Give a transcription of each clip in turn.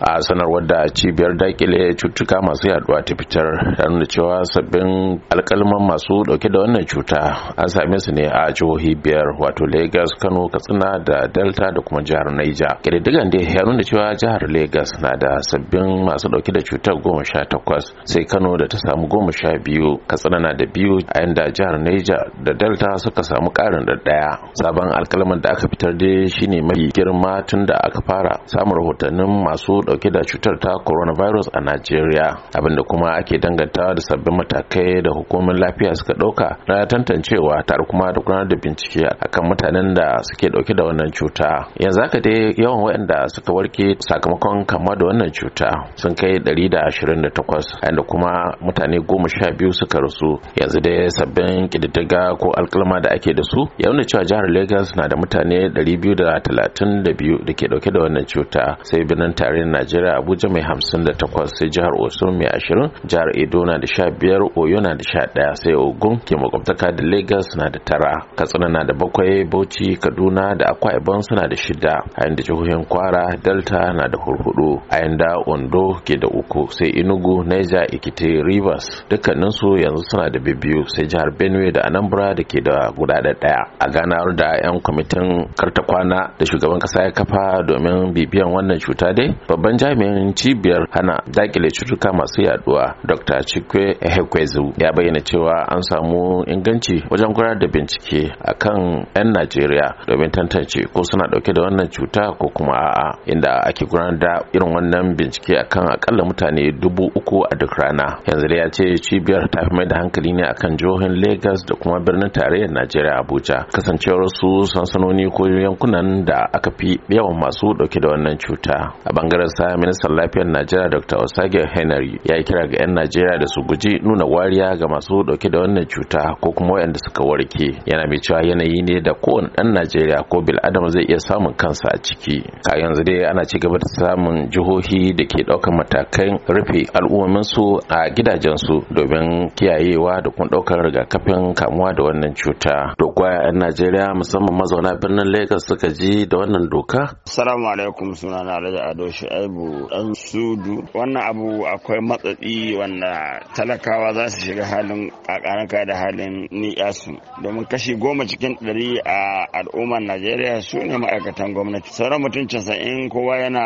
a sanarwar da cibiyar dakile cutuka masu yaduwa ta fitar da nuna cewa sabbin alkalman masu dauke da wannan cuta an same su ne a jihohi biyar wato lagos kano katsina da delta da kuma jihar naija kididdigan da ya nuna cewa jihar lagos na da sabbin masu dauke da cutar goma sha takwas sai kano da ta samu goma sha biyu katsina na da biyu a yanda jihar naija da delta suka samu karin da daya sabon alkalman da aka fitar dai shine mafi girma tun da aka fara samun rahotannin masu dauke da cutar ta coronavirus a Najeriya abinda kuma ake danganta da sabbin matakai da hukumar lafiya suka dauka na tantancewa tare kuma da gudanar da bincike akan mutanen da suke dauke da wannan cuta yanzu haka dai yawan waɗanda suka warke sakamakon kama da wannan cuta sun kai 128 inda kuma mutane goma sha biyu suka rasu yanzu dai sabbin kididdiga ko alkalma da ake da su ya nuna cewa jihar Lagos na da mutane 232 da ke dauke da wannan cuta sai birnin tarayyar najeriya abuja mai hamsin da takwas sai jihar osun mai ashirin jihar edo na da sha biyar oyo na da sha ɗaya sai ogun ke makwabtaka da lagos na da tara katsina na da bakwai bauchi kaduna da akwa ibom suna da shida a yanda jihohin kwara delta na da hurhudu a yanda ondo ke da uku sai enugu niger Ekiti, rivers dukkaninsu yanzu suna da bibiyu sai jihar benue da anambra da ke da guda ɗaya a ganar da 'yan kwamitin karta kwana da shugaban kasa ya kafa domin bibiyan wannan cuta dai babban shugaban jami'in cibiyar hana dakile cutuka masu yaduwa dr chikwe ehekwezu ya bayyana cewa an samu inganci wajen gudanar da bincike a kan 'yan najeriya domin tantance ko suna dauke da wannan cuta ko kuma a'a inda ake gudanar da irin wannan bincike akan akalla mutane dubu uku a duk rana yanzu da ya ce cibiyar ta fi mai da hankali ne akan jihohin lagos da kuma birnin tarayyar najeriya abuja kasancewar su sansanoni ko yankunan da aka fi yawan masu dauke da wannan cuta a bangaren ta ministan lafiyar najeriya dr osage henry ya yi kira ga 'yan najeriya da su guji nuna wariya ga masu dauke da wannan cuta ko kuma waɗanda suka warke yana mai cewa yanayi ne da kowane ɗan najeriya ko bil'adama zai iya samun kansa a ciki ka yanzu dai ana ci gaba da samun jihohi da ke ɗaukar matakan rufe su a gidajen su, domin kiyayewa da kuma ɗaukar rigakafin kamuwa da wannan cuta dogwaya 'yan najeriya musamman mazauna birnin lagos suka ji da wannan doka salamu alaikum sunana alhaji ado Abu dan sudu wannan abu akwai matsatsi wanda talakawa za su shiga halin kakaraka da halin niyasu domin kashi goma cikin ɗari a al'ummar najeriya su ne ma'aikatan gwamnati sauran mutum in kowa yana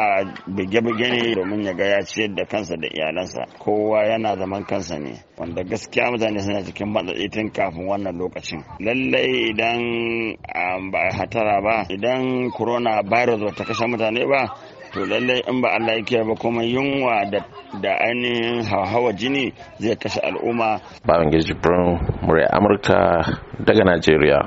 bige-bige ne domin ya ga ya ciyar da kansa da iyalansa kowa yana zaman kansa ne wanda gaskiya mutane suna cikin matsatsi tun kafin wannan lokacin lallai idan ah, ba a hatara ba idan corona virus ba ta kashe mutane ba to lallai in ba Allah ya ba kuma yunwa da ainihin hawa jini zai kashe al'umma. Babangir Jibrin, murya Amurka daga Najeriya.